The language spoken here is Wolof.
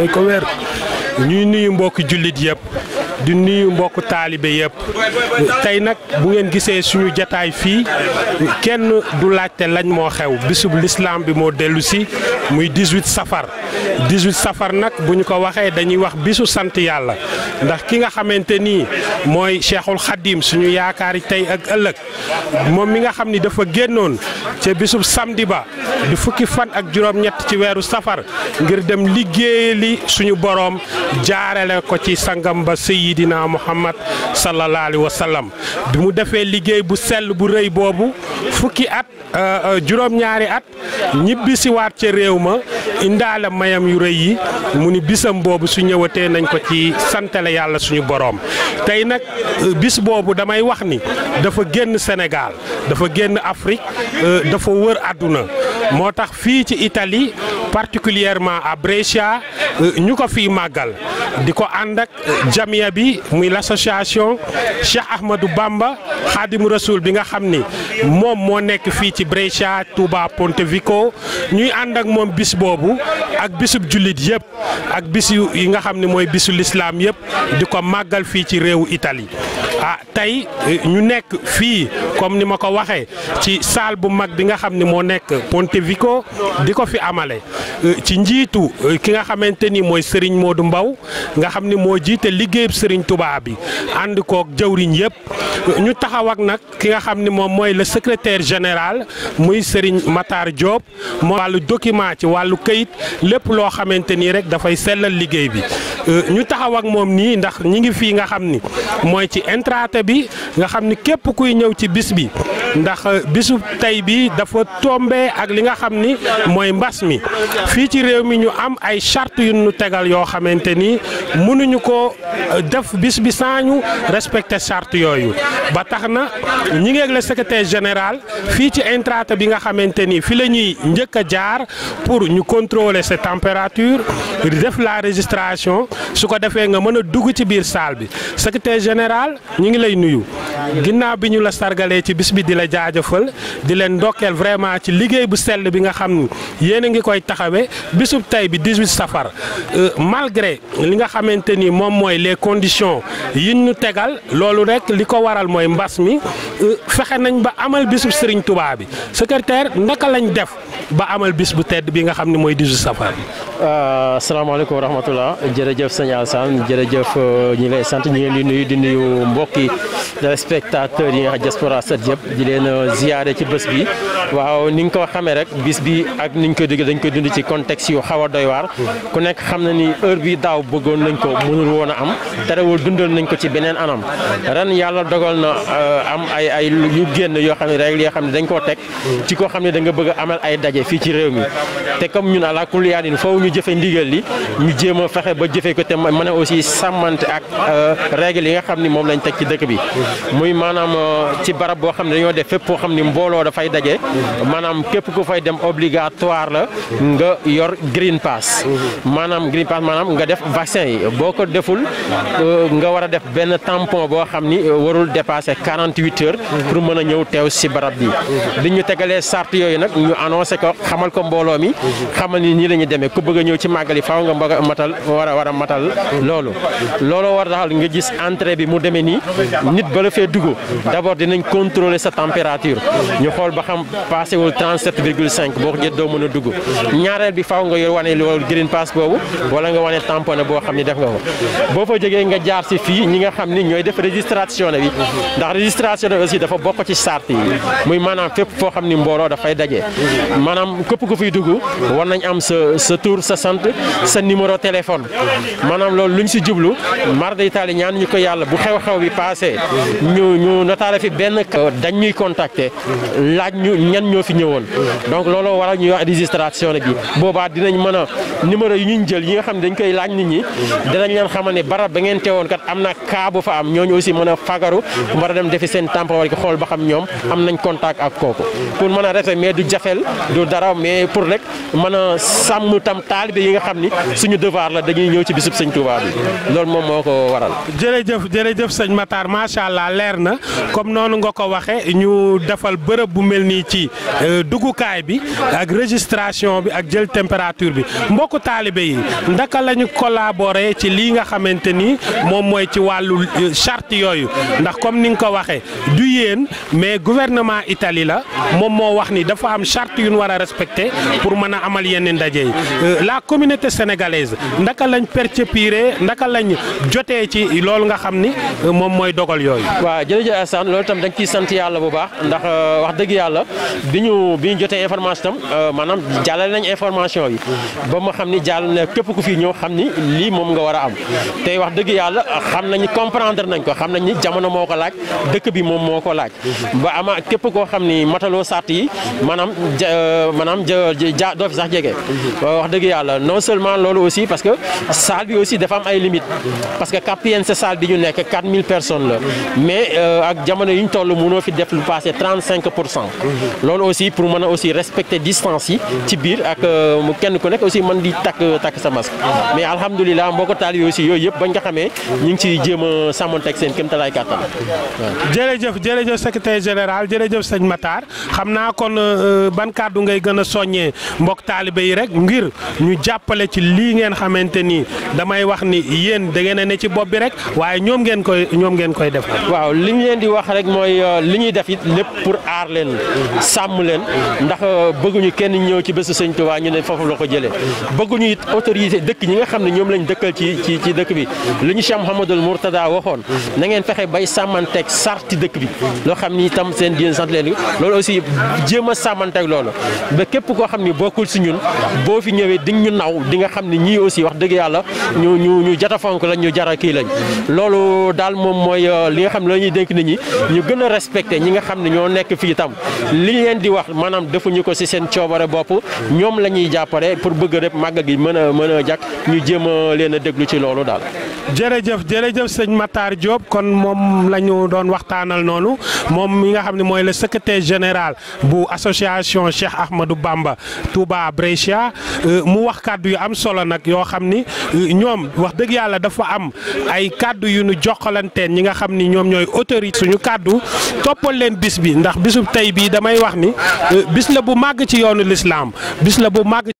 dañ ko wér ñu nuyu mbokk julit yëpp di nuyu mbokk talibé yëpp tay nak bu ngeen gisé suñu jotaay fi kenn du laajte lañ mo xew bisub l'islam bi modelusi delu ci muy 18 safar 18 safar nak buñ ko waxé dañuy wax bisu sante yalla ndax ki nga xamante ni mooy cheikhul khadim suñu yaakaari tay ak ëlëk mom mi nga xamni dafa gennon ca bisub samedi ba di fukki fan ak juróom-ñett ci weeru safar ngir dem liggéeyali suñu boroom jaarale ko ci sangam ba sayidina muhammad sallallahu alayhi wa bi mu defee liggéey bu sell bu rëy boobu fukki at euh, euh, juróom-ñaari at ñibbisiwaat ca réew ma indaale mayam yu rëy yi mu ni bisam boobu su ñëwatee nañ ko ci santale yàlla suñu boroom tey nag euh, bis boobu damay wax ni dafa génn senegaal dafa génn Afrique euh, dafa wër àdduna moo tax fii ci itali particulièrement à Brescia euh, ñu ko fiy màggal di ko ànd ak euh, jamia bi muy l' association Cheikh Ahmadou Bamba Xaadimu Rasul bi nga xam ni moom moo nekk fii ci Brescia Touba Pontevico ñuy ànd ak moom bis boobu ak bisub julit yëpp ak bisu yi nga xam ni mooy bisu lislaam yëpp di ko màggal fii ci réewu itali ah tey eh, ñu nekk fii comme ni ma ko waxee ci salle bu mag bi nga xam ni moo nekk Pontevico di ko fi amale eh, ci njiitu eh, ki nga xamante ni mooy moo du Mbaw nga xam ni moo jiite liggéeyub Serigne Touba bi ànd kook jëwriñ yëpp ñu taxawak nag ki nga xam ni moom mooy le secretaire général muy Serigne Matar Diop moo wàllu document ci wàllu kayit lépp loo xamante ni rek dafay sellal liggéey bi. Euh, ñu taxaw ak moom nii ndax ñi ngi fii nga xam ni mooy ci intraté bi nga xam ni képp kuy ñëw ci bis bi ndax bisu tay bi dafa tombé ak li nga xamni moy mooy mi ci réew mi ñu am ay charte yu ñu tégal yo xamanteni ni mënuñu ko euh, def bis bi sañu respecté charte yoyu ba taxna ñi ngi ak le secrétaire général fi ci intrate bi nga xamanteni fi lañuy ñëk jaar pour ñu contrôler cette température def la registration su ko défé nga mëna dugg ci biir salle bi secrétaire général ñi ngi lay nuyu ginnaw bi ñu la sargalé ci bis bi di la jaajëfal di leen ndokkeel vraiment ci liggéey bu sell bi nga xam ni yéen a ngi koy taxawee bisub tey bi 18 safar euh, malgré li nga xamante ni moom mooy les conditions yi ñu tegal loolu rek li ko waral mooy mbas mi euh, fexe nañ ba amal bisub seriñ tubaab bi secrétaire naka lañ def ba amal bis bu tedd bi nga xam ne mooy 18 safar. Euh, asalaamaaleykum wa rahmatulah jërëjëf sëñ Alassane jërëjëf ñu lay sant ñu ngi leen di nuyu di yi leen ziyaare ci bés bi waaw ni nga ko xamee rek bis bi ak ni ñu ko déggee dañ koy dund ci contexte yu xaw a ku nekk xam na ni heure bi daaw bëggoon nañ ko mënul woon a am terewul dundal nañ ko ci beneen anam ren yàlla dogal na euh, am ay ay yu génn yoo xam ne règle yoo xam ne dañ koo teg ci ko xam ne da nga bëgg amal ay daje fii ci réew mi te comme ñun àla kuliyaanin foofu ñu jëfe ndigal li ñu jéem fexe ba jëfee ko te mën a aussi sàmmante ak euh, règle yi nga xam ni moom lañ teg ci dëkk bi de fepp foo xamni mbolo da fay dajé manam képp ku fay dem obligatoire la nga yor green pass manam green pass manam nga def vaccin yi boko deful euh, nga wara def ben tampon bo xamni euh, warul dépasser 48 heures pour mën ñew tew ci barab bi diñu tégalé charte yoy nak ñu annoncer ko xamal ko mbolo mi xamal ni ñi lañu démé ku bëgg ñew ci magali faaw nga mbaga matal wara wara matal lolu lolu war dal nga gis entrée bi mu démé ni nit ba la fay duggu d'abord dinañ contrôler sa tampon température ñu xool ba xam passé wul 37 virgule 5 boo ko doo mën a dugg ñaareel bi faaw nga wane loolu green pass boobu wala nga wane tamponné boo xam ne def nga ko boo fa jógee nga jaar si fii ñi nga xam ni ñooy def régistration bi ndax régistration bi aussi dafa bokk ci sart yi muy maanaam fépp foo xam ni mbooloo dafay daje maanaam képp ku fiy dugg war nañ am sa sa tur sa sant sa numéro téléphone maanaam loolu luñ si jublu mar day taali ñaan ñu ko yàlla bu xew contacter laaj ñu ñan ñoo fi ñëwoon donc looloo waral ñuy wax registration rek yi dinañ mën a numéro yi jël yi nga xam ne dañ koy laaj nit ñi dinañ leen xamal ne barab ba ngeen teewoon kat am na cas bu fa am ñooñu aussi mën a fagaru war a dem defi seen tampon war ki xool a rete mais pour rek mën a sàmm tam taalibe yi nga xam ni suñu devoir la dañuy ñëw ci bisub sëñ Touba bi loolu moom moo ko waral jërëjëf jërëjëf sëñ Matar macha allah leer na comme noonu nga ko waxe ñu ñu defal bërëb bu mel nii ci euh, duggukaay bi ak registration bi ak jël température bi mbokku taalibe yi ndaka lañu ñu ci lii nga xamante ni moom mooy ci wàllu euh, chart yooyu ndax comme ni nga ko waxee du mais gouvernement Italie la moom moo wax ni dafa am charte yu war a respecter pour mën a amal yenn ndaje yi euh, la communauté sénégalaise ndaka lañ percepirer ndaka lañu jotee ci loolu nga xam ni moom mooy dogal yooyu. waaw jërëjëf loolu tam dañ ciy sant yàlla bu baax ndax euh, wax dëgg yàlla bi ñu bi ñu jotee information tam euh, maanaam jàllale nañ information yi ba ma xam ni jàll na képp ku fii ñëw xam ni lii moom nga war a am tey wax dëgg yàlla xam nañu comprendre nañ ko xam nañ ni jamono moo ko laaj dëkk bi moom moo ko laaj ba ama képp koo xam ni mataloo sart yi maanaam euh, maanaam ja doo fi sax jege wax dëgg yàlla non seulement loolu aussi parce que salle bi aussi dafa am ay limites parce que Cap Yenn sa salle bi ñu nekk 4000 personnes la mais ak jamono yi ñu toll mënoo fi def dépassé 35 pour aussi pour mën aussi respecter distance yi. ci biir ak euh, mu kenn aussi mën di tak sa masque. mais alhamdulillah, beaucoup taal aussi yo yep bañ nga xamee. ñu ngi ciy jéem a sàmmanteeg seen kéem talaay kàttan. jërëjëf jërëjëf secrétaire général jërëjëf Seigne Matar xamna kon euh, euh, ban kàddu ngay gëna a mbok mbokk yi rek ngir ñu jappalé ci li ngeen xamanteni damay wax ni yeen da ngeen né ci bopp bi rek waye ñom ngeen koy ñom ngeen koy def. waaw li ñu di wax rek moy li ñuy def fi lépp pour aar leen sàmm leen ndax euh, bëgguñu kenn ñëw ci bésu sëñ Tuubaa ñu ne foofu la ko jëlee bëgguñu it autoriser dëkk ñi nga xam ne ñoom lañ dëkkal ci ci ci dëkk bi li ñu Cheikh Mouhamadul Mourtada waxoon na ngeen fexe bay sàmmanteeg sarti dëkk bi loo xam ni itam seen diine sant leen loolu aussi jéem a sàmmanteeg loolu ba képp koo xam ni bokkul si ñun boo fi ñëwee di ñu naw di nga xam ne ñii aussi wax dëgg yàlla ñu ñu ñu jata fonk lañ ñu jara kii lañ loolu daal moom mooy euh, la xam ne ñoo nekk fii tam li leen di wax maanaam defuñu ko si seen coobare bopp ñoom la ñuy jàppale pour bëgg rek màgg gi mën a mën a jàkk ñu jéem a leen a déglu ci loolu daal jërëjëf jërëjëf sëñ Matar Diop kon moom la ñu doon waxtaanal noonu moom mi nga xam ne mooy la secrétaire général bu association Cheikh Ahmadou Bamba Touba Brescia euh, mu wax kàddu yu am solo nag yoo xam ni euh, ñoom wax dëgg yàlla dafa am ay kàddu yu nu jokkalanteen ñi nga xam ni ñoom ñooy autorité suñu kàddu toppal leen bis bi ndax bisub tey bii damay wax ni euh, bis la bu màgg ci yoonu lislaam bis la bu màgg